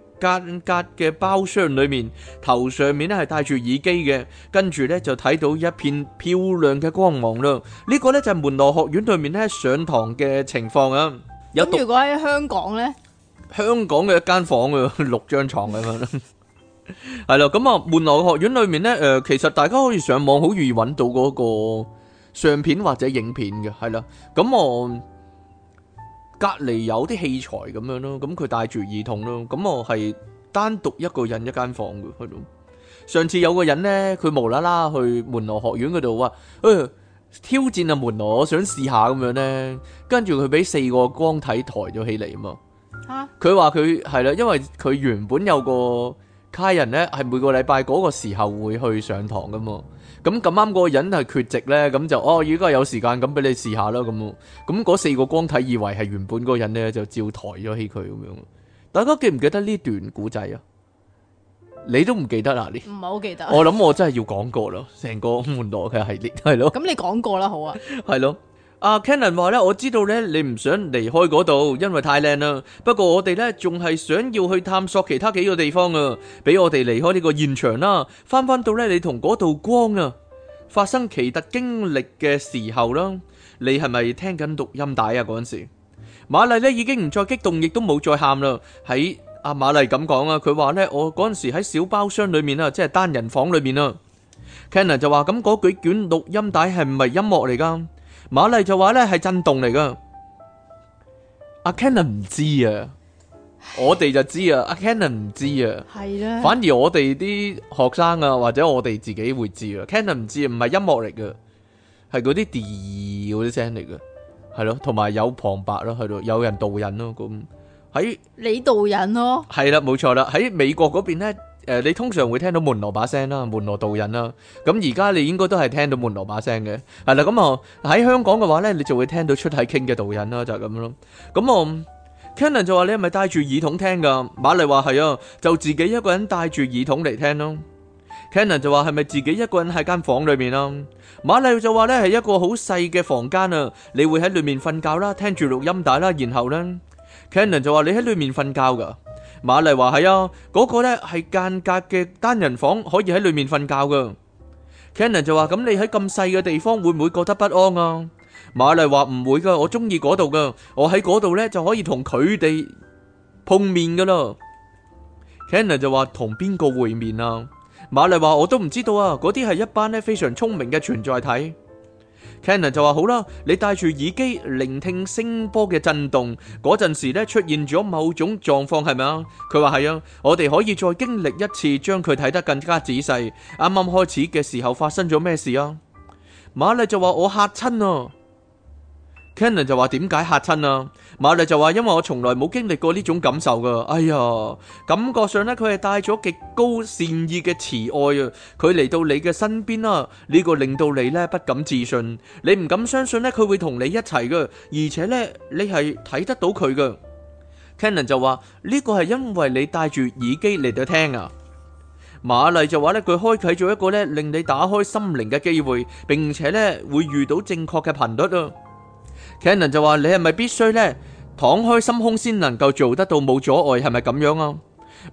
間隔嘅包廂裏面，頭上面咧係戴住耳機嘅，跟住咧就睇到一片漂亮嘅光芒咯。呢個咧就係門羅學院裏面咧上堂嘅情況啊。咁如果喺香港咧，香港嘅一間房啊，六張床咁樣，係啦。咁啊，門羅學院裏面咧，誒，其實大家可以上網好易搵到嗰個相片或者影片嘅，係啦。咁我。隔籬有啲器材咁樣咯，咁佢帶住耳筒咯，咁我係單獨一個人一間房嘅。上次有個人呢，佢無啦啦去門羅學院嗰度話，誒，挑戰啊門羅，我想試下咁樣呢。」跟住佢俾四個光體抬咗起嚟啊嘛。吓，佢話佢係啦，因為佢原本有個卡人呢，係每個禮拜嗰個時候會去上堂噶嘛。咁咁啱嗰個人係缺席咧，咁就哦，如果有時間，咁俾你試下啦，咁咁嗰四個光體以為係原本嗰個人咧，就照抬咗起佢咁樣。大家記唔記得呢段古仔啊？你都唔記得啊？你唔係好記得。我諗我真係要講過 咯，成個門羅嘅系列係咯。咁你講過啦，好啊。係 咯。阿 Cannon 話咧：，我知道咧，你唔想離開嗰度，因為太靚啦。不過我哋咧仲係想要去探索其他幾個地方啊。俾我哋離開呢個現場啦，翻翻到咧你同嗰道光啊發生奇特經歷嘅時候啦。你係咪聽緊錄音帶啊？嗰陣時，馬麗咧已經唔再激動，亦都冇再喊啦。喺阿馬麗咁講啊，佢話咧：，我嗰陣時喺小包廂裡面啊，即係單人房裡面啊。Cannon 就話：，咁嗰句卷錄音帶係唔係音樂嚟㗎？馬麗就話咧係震動嚟噶，阿 Cannon 唔知啊， 我哋就知啊，阿 Cannon 唔知啊，係啦、嗯，反而我哋啲學生啊，或者我哋自己會知啊 Cannon 唔知唔係音樂嚟噶，係嗰啲啲嗰啲聲嚟噶，係咯，同埋有旁白咯，係咯，有人導引咯、啊，咁喺你導引咯、哦，係啦，冇錯啦，喺美國嗰邊咧。誒、呃，你通常會聽到門羅把聲啦，門羅導引啦，咁而家你應該都係聽到門羅把聲嘅，係啦，咁啊喺香港嘅話呢，你就會聽到出係傾嘅導引啦，就係咁咯。咁、嗯、啊，Cannon 就話你係咪戴住耳筒聽噶？瑪麗話係啊，就自己一個人戴住耳筒嚟聽咯。Cannon 就話係咪自己一個人喺間房裏面啊？瑪麗就話呢係一個好細嘅房間啊，你會喺裏面瞓覺啦，聽住錄音帶啦，然後呢 Cannon 就話你喺裏面瞓覺噶。瑪麗話係啊，嗰、那個咧係間隔嘅單人房，可以喺裏面瞓覺噶。Cannon 就話：咁你喺咁細嘅地方會唔會覺得不安啊？瑪麗話唔會噶，我中意嗰度噶，我喺嗰度呢，就可以同佢哋碰面噶咯。Cannon 就話：同邊個會面啊？瑪麗話：我都唔知道啊，嗰啲係一班咧非常聰明嘅存在體。Cannon 就話好啦，你戴住耳機聆聽聲波嘅震動嗰陣時咧，出現咗某種狀況係咪啊？佢話係啊，我哋可以再經歷一次，將佢睇得更加仔細。啱啱開始嘅時候發生咗咩事啊？瑪麗就話我嚇親啊！Cannon 就話，點解嚇親啊？瑪麗就話，因為我從來冇經歷過呢種感受噶。哎呀，感覺上咧佢係帶咗極高善意嘅慈愛啊！佢嚟到你嘅身邊啊，呢個令到你咧不敢自信，你唔敢相信咧佢會同你一齊噶，而且咧你係睇得到佢噶。Cannon 就話，呢個係因為你戴住耳機嚟到聽啊。瑪麗就話咧佢開啟咗一個咧令你打開心靈嘅機會，並且咧會遇到正確嘅頻率啊。Cannon 就話：你係咪必須咧，敞開心胸先能夠做得到冇阻礙，係咪咁樣啊？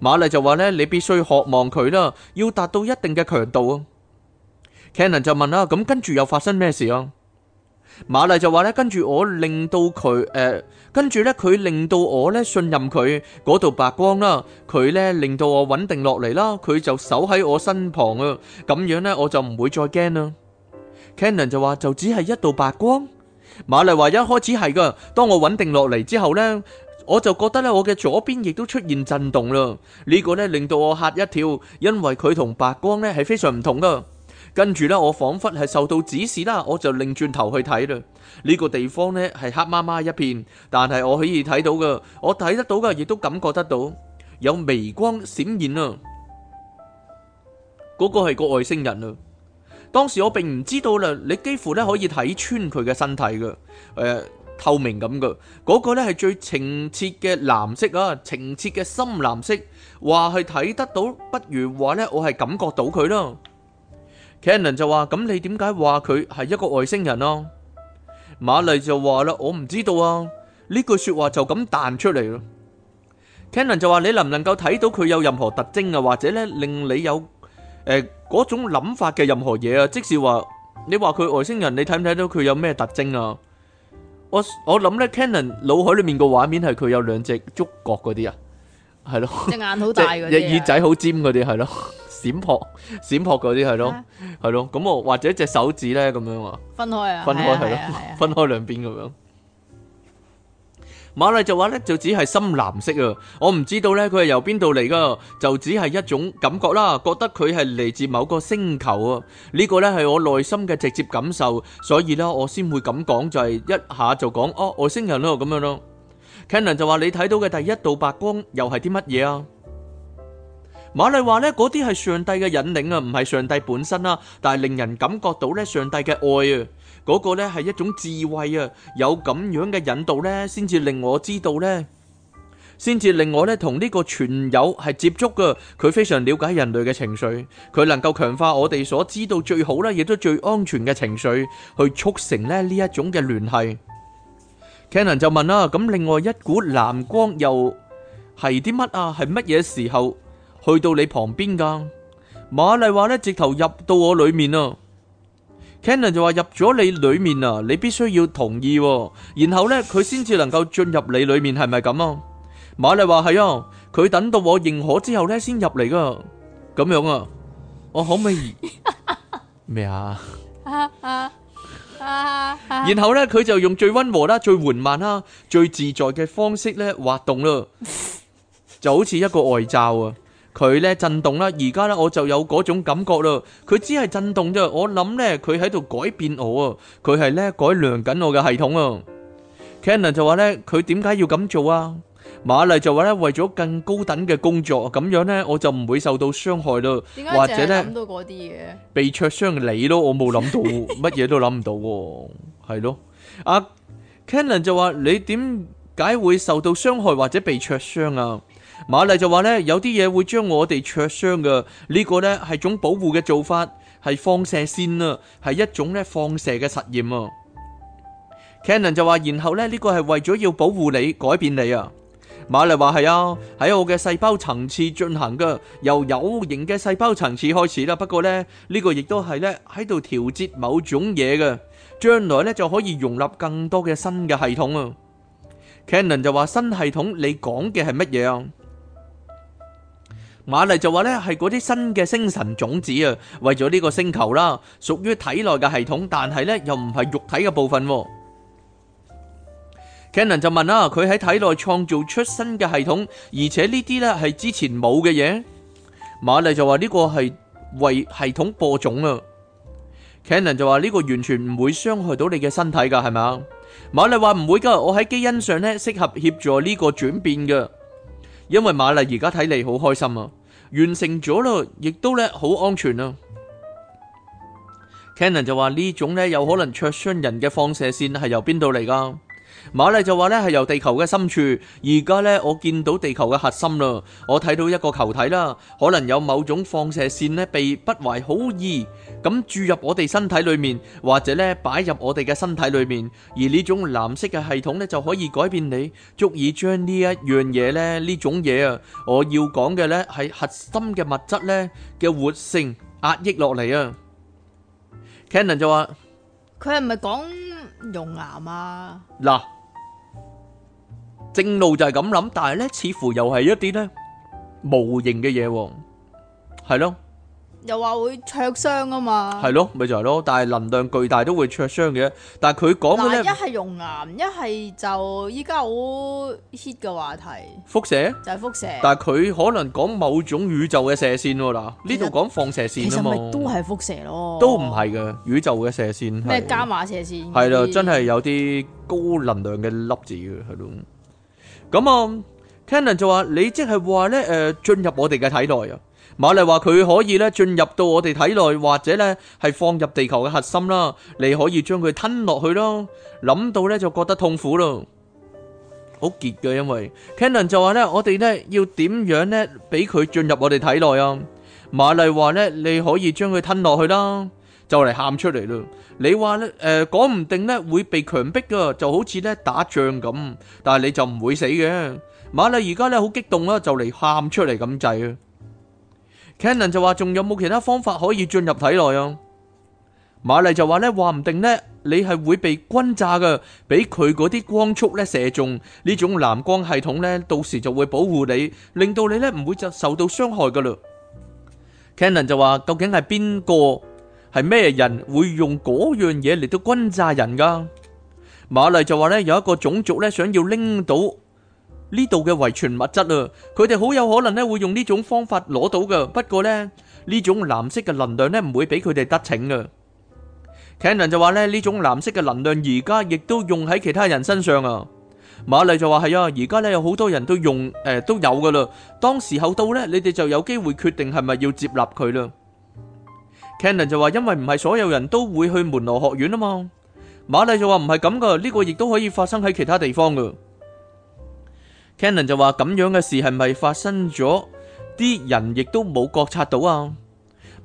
瑪麗就話咧：你必須渴望佢啦，要達到一定嘅強度啊。Cannon 就問啦：咁跟住又發生咩事啊？瑪麗就話咧：跟住我令到佢，誒，跟住咧佢令到我咧信任佢嗰道白光啦，佢咧令到我穩定落嚟啦，佢就守喺我身旁啊，咁樣咧我就唔會再驚啦。Cannon 就話：就只係一道白光。瑪麗話一開始係噶，當我穩定落嚟之後呢，我就覺得咧我嘅左邊亦都出現震動啦。呢、這個呢，令到我吓一跳，因為佢同白光呢係非常唔同噶。跟住呢，我仿佛係受到指示啦，我就擰轉頭去睇啦。呢、這個地方呢，係黑麻麻一片，但係我可以睇到噶，我睇得到噶，亦都感覺得到有微光閃現啊！嗰、那個係個外星人啊！當時我並唔知道啦，你幾乎咧可以睇穿佢嘅身體嘅，誒透明咁嘅嗰個咧係最澄澈嘅藍色啊，澄澈嘅深藍色，話係睇得到，不如話咧我係感覺到佢咯。Cannon 就話：咁你點解話佢係一個外星人啊？馬麗就話啦：我唔知道啊！呢句説話就咁彈出嚟咯。Cannon 就話：你能唔能夠睇到佢有任何特徵啊？或者咧令你有？誒嗰、 哎、種諗法嘅任何嘢啊，即使話你話佢外星人，你睇唔睇到佢有咩特徵啊？我我諗咧，Cannon 腦海裏面個畫面係佢有兩隻觸角嗰啲啊，係咯，隻眼好大嗰啲 隻耳仔好尖嗰啲係咯，閃撲閃撲嗰啲係咯，係咯，咁我或者隻手指咧咁樣開啊，分開啊，分開係咯，分開兩邊咁樣。馬麗就話呢，就只係深藍色啊，我唔知道呢，佢係由邊度嚟㗎，就只係一種感覺啦，覺得佢係嚟自某個星球啊，呢個呢，係我內心嘅直接感受，所以呢，我先會咁講，就係一下就講，哦，外星人囉，咁樣囉。Cannon 就話你睇到嘅第一道白光，又係啲乜嘢呀？馬麗話呢，嗰啲係上帝嘅引領啊，唔係上帝本身啊，但係令人感覺到呢，上帝嘅愛啊。嗰個咧係一種智慧啊，有咁樣嘅引導咧，先至令我知道咧，先至令我咧同呢個全友係接觸噶。佢非常了解人類嘅情緒，佢能夠強化我哋所知道最好啦，亦都最安全嘅情緒，去促成咧呢一種嘅聯繫。Cannon 就問啦，咁另外一股藍光又係啲乜啊？係乜嘢時候去到你旁邊噶？瑪麗話咧，直頭入到我裏面啊！CANNON 就話入咗你裏面啊，你必須要同意，然後咧佢先至能夠進入你裏面，係咪咁啊？瑪麗話係啊，佢等到我認可之後咧先入嚟噶，咁樣啊，我可唔可以咩啊？然後咧佢就用最温和啦、最緩慢啦、最自在嘅方式咧滑動咯，就好似一個外罩啊。佢咧震動啦，而家咧我就有嗰種感覺咯。佢只係震動啫，我諗咧佢喺度改變我啊，佢係咧改良緊我嘅系統啊。Cannon 就話咧，佢點解要咁做啊？馬麗就話咧，為咗更高等嘅工作，咁樣咧我就唔會受到傷害咯，或者咧被灼傷你咯，我冇諗到乜嘢都諗唔到喎，係咯。阿 Cannon 就話，你點解會受到傷害或者被灼傷啊？馬麗就話呢，有啲嘢會將我哋灼傷嘅，呢個呢係種保護嘅做法，係放射線啊，係一種呢放射嘅實驗啊。Cannon 就話，然後呢，呢個係為咗要保護你，改變你啊。馬麗話係啊，喺我嘅細胞層次進行嘅，由有形嘅細胞層次開始啦。不過呢，呢個亦都係呢喺度調節某種嘢嘅，將來呢就可以融入更多嘅新嘅系統啊。Cannon 就話新系統你講嘅係乜嘢啊？瑪麗就話咧，係嗰啲新嘅星神種子啊，為咗呢個星球啦，屬於體內嘅系統，但係咧又唔係肉體嘅部分。Cannon 就問啦，佢喺體內創造出新嘅系統，而且呢啲咧係之前冇嘅嘢。瑪麗就話呢個係為系統播種啊。Cannon 就話呢個完全唔會傷害到你嘅身體噶，係咪啊？瑪麗話唔會噶，我喺基因上咧適合協助呢個轉變噶，因為瑪麗而家睇嚟好開心啊。完成咗咯，亦都好安全啊。Cannon 就話呢種有可能灼傷人嘅放射線係由邊度嚟㗎？馬利就話咧，係由地球嘅深處，而家咧我見到地球嘅核心啦，我睇到一個球體啦，可能有某種放射線咧，被不懷好意咁注入我哋身體裏面，或者咧擺入我哋嘅身體裏面，而呢種藍色嘅系統咧就可以改變你，足以將呢一樣嘢咧，呢種嘢啊，我要講嘅咧係核心嘅物質咧嘅活性壓抑落嚟啊。Cannon 就話，佢係咪講？用牙嘛、啊？嗱，正路就係咁諗，但係咧，似乎又係一啲咧無形嘅嘢，哦，係咯。又話會灼傷啊嘛，係咯，咪就係、是、咯。但係能量巨大都會灼傷嘅。但係佢講嘅咧，一係熔岩，一係就依家好 hit 嘅話題，輻射蛇就係輻射。但係佢可能講某種宇宙嘅射線咯。嗱實，呢度講放射線啊嘛，其實咪都係輻射咯，都唔係嘅宇宙嘅射，射線，咩伽馬射線，係咯些，真係有啲高能量嘅粒子嘅係咯。咁、嗯、啊 Cannon 就話你即係話咧，誒，進入我哋嘅體內啊。瑪麗話佢可以咧進入到我哋體內，或者咧係放入地球嘅核心啦。你可以將佢吞落去咯。諗到咧就覺得痛苦咯，好結嘅。因為 Cannon 就話咧，我哋咧要點樣咧俾佢進入我哋體內啊？瑪麗話咧，你可以將佢吞落去啦，就嚟喊出嚟咯。你話咧誒，講唔定咧會被強迫噶，就好似咧打仗咁，但係你就唔會死嘅。瑪麗而家咧好激動啦，就嚟喊出嚟咁滯啊！Cannon 就話仲有冇其他方法可以進入體內啊？馬麗就話咧，話唔定咧，你係會被轟炸嘅，俾佢嗰啲光束咧射中呢種藍光系統咧，到時就會保護你，令到你咧唔會就受到傷害噶啦。Cannon 就話，究竟係邊個，係咩人會用嗰樣嘢嚟到轟炸人噶？馬麗就話咧，有一個種族咧，想要拎到。呢度嘅遺傳物質啊，佢哋好有可能咧會用呢種方法攞到嘅。不過咧，呢種藍色嘅能量咧唔會俾佢哋得逞嘅。Cannon 就話咧，呢種藍色嘅能量而家亦都用喺其他人身上啊。馬麗就話，係啊，而家咧有好多人都用誒都有噶啦。當時候到咧，你哋就有機會決定係咪要接納佢啦。Cannon 就話，因為唔係所有人都會去門羅學院啊嘛。馬麗就話，唔係咁噶，呢個亦都可以發生喺其他地方噶。Cannon 就話咁樣嘅事係咪發生咗？啲人亦都冇覺察到啊！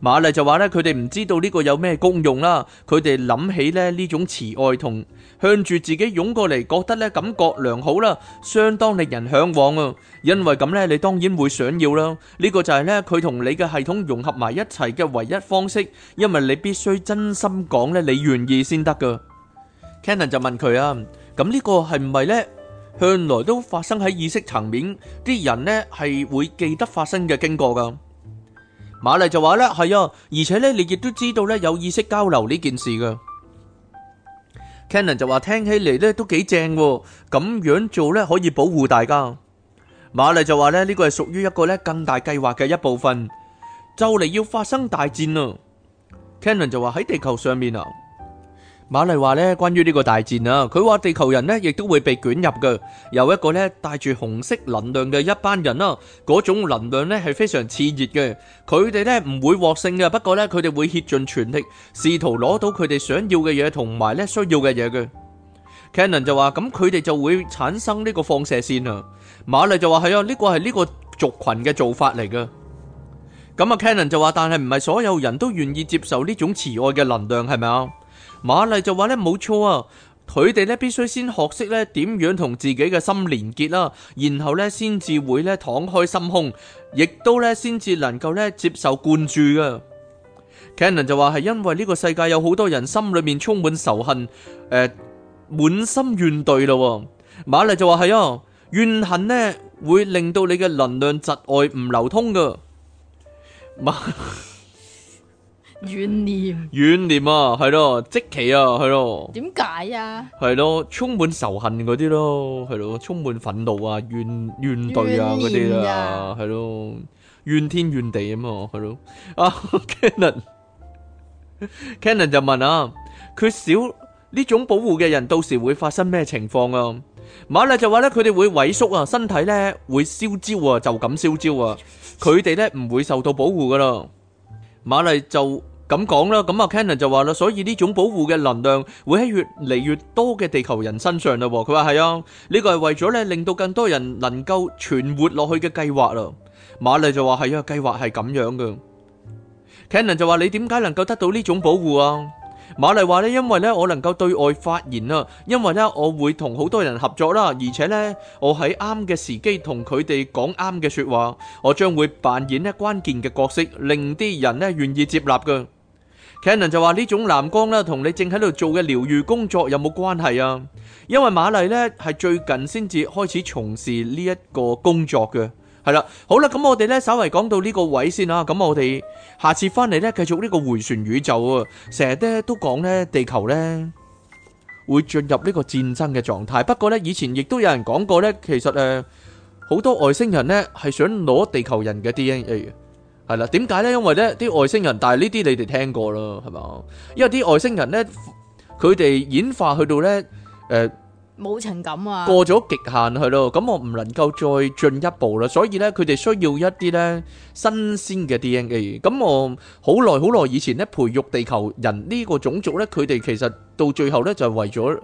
瑪麗就話咧，佢哋唔知道呢個有咩功用啦。佢哋諗起咧呢種慈愛同向住自己湧過嚟，覺得咧感覺良好啦，相當令人向往啊！因為咁咧，你當然會想要啦。呢個就係咧佢同你嘅系統融合埋一齊嘅唯一方式，因為你必須真心講咧你願意先得噶。Cannon 就問佢啊，咁呢個係唔係咧？向來都發生喺意識層面，啲人呢係會記得發生嘅經過噶。馬麗就話咧，係啊，而且呢，你亦都知道呢有意識交流呢件事噶。Cannon 就話聽起嚟呢都幾正喎，咁樣做呢可以保護大家。馬麗就話呢，呢、這個係屬於一個呢更大計劃嘅一部分，就嚟要發生大戰啊。Cannon 就話喺地球上面啊。瑪麗話咧，關於呢個大戰啊，佢話地球人咧亦都會被捲入嘅。有一個咧帶住紅色能量嘅一班人啊，嗰種能量咧係非常熾熱嘅。佢哋咧唔會獲勝嘅，不過咧佢哋會竭盡全力，試圖攞到佢哋想要嘅嘢、同埋咧需要嘅嘢嘅。Cannon 就話：咁佢哋就會產生呢個放射線啊。瑪麗就話：係啊，呢個係呢個族群嘅做法嚟嘅。咁啊 Cannon 就話：但係唔係所有人都願意接受呢種慈愛嘅能量，係咪啊？馬麗就話咧冇錯啊，佢哋咧必須先學識咧點樣同自己嘅心連結啦，然後咧先至會咧敞開心胸，亦都咧先至能夠咧接受灌注噶。Cannon 就話，係因為呢個世界有好多人心裏面充滿仇恨，誒、呃，滿心怨懟咯。馬麗就話係啊，怨恨呢會令到你嘅能量窒礙唔流通噶。 怨念，怨念啊，係咯，積其啊，係咯，點解啊？係咯，充滿仇恨嗰啲咯，係咯，充滿憤怒啊，怨怨對啊，嗰啲啊，係咯，怨天怨地咁啊，係咯。啊，Cannon，Cannon 就問啊，缺少呢種保護嘅人，到時會發生咩情況啊？馬麗就話咧，佢哋會萎縮啊，身體咧會燒焦啊，就咁燒焦啊，佢哋咧唔會受到保護噶啦。馬麗就。咁講啦，咁啊，Cannon 就話啦，所以呢種保護嘅能量會喺越嚟越多嘅地球人身上啦。佢話係啊，呢個係為咗咧令到更多人能夠存活落去嘅計劃啦。馬麗就話係啊，計劃係咁樣噶。Cannon 就話你點解能夠得到呢種保護啊？馬麗話咧，因為咧我能夠對外發言啊，因為咧我會同好多人合作啦，而且咧我喺啱嘅時機同佢哋講啱嘅説話，我將會扮演咧關鍵嘅角色，令啲人咧願意接納噶。Cannon 就話呢種藍光咧，同你正喺度做嘅療癒工作有冇關係啊？因為瑪麗咧係最近先至開始從事呢一個工作嘅，係啦，好啦，咁我哋咧稍微講到呢個位先啦，咁我哋下次翻嚟咧繼續呢個回旋宇宙啊，成日都都講咧地球咧會進入呢個戰爭嘅狀態，不過咧以前亦都有人講過咧，其實誒好多外星人咧係想攞地球人嘅 DNA。係啦，點解咧？因為咧，啲外星人，但係呢啲你哋聽過咯，係嘛？因為啲外星人咧，佢哋演化去到咧，誒，冇情感啊，過咗極限去咯，咁我唔能夠再進一步啦，所以咧，佢哋需要一啲咧新鮮嘅 DNA。咁我好耐好耐以前咧，培育地球人呢個種族咧，佢哋其實到最後咧就為咗。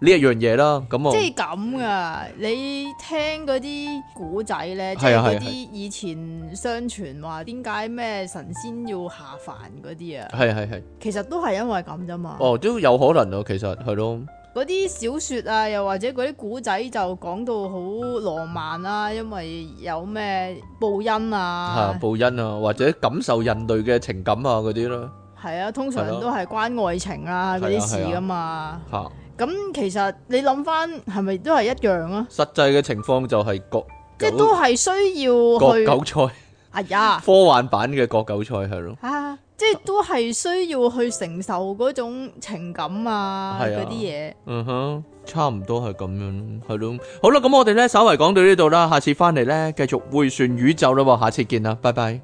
呢一樣嘢啦，咁啊，即係咁噶。你聽嗰啲古仔咧，即係啲以前相傳話點解咩神仙要下凡嗰啲啊？係係係，其實都係因為咁啫嘛。哦，都有可能啊，其實係咯。嗰啲小説啊，又或者嗰啲古仔就講到好浪漫啊，因為有咩報恩啊，報恩啊，或者感受人類嘅情感啊嗰啲咯。係啊，通常都係關愛情啊嗰啲事噶嘛。的咁其實你諗翻係咪都係一樣啊？實際嘅情況就係割，即係都係需要去割韭菜。係啊，科幻版嘅割韭菜係咯。吓、啊，即係都係需要去承受嗰種情感啊，嗰啲嘢。嗯哼，差唔多係咁樣，係咯。好啦，咁我哋咧，稍微講到呢度啦。下次翻嚟咧，繼續迴旋宇宙啦。下次見啦，拜拜。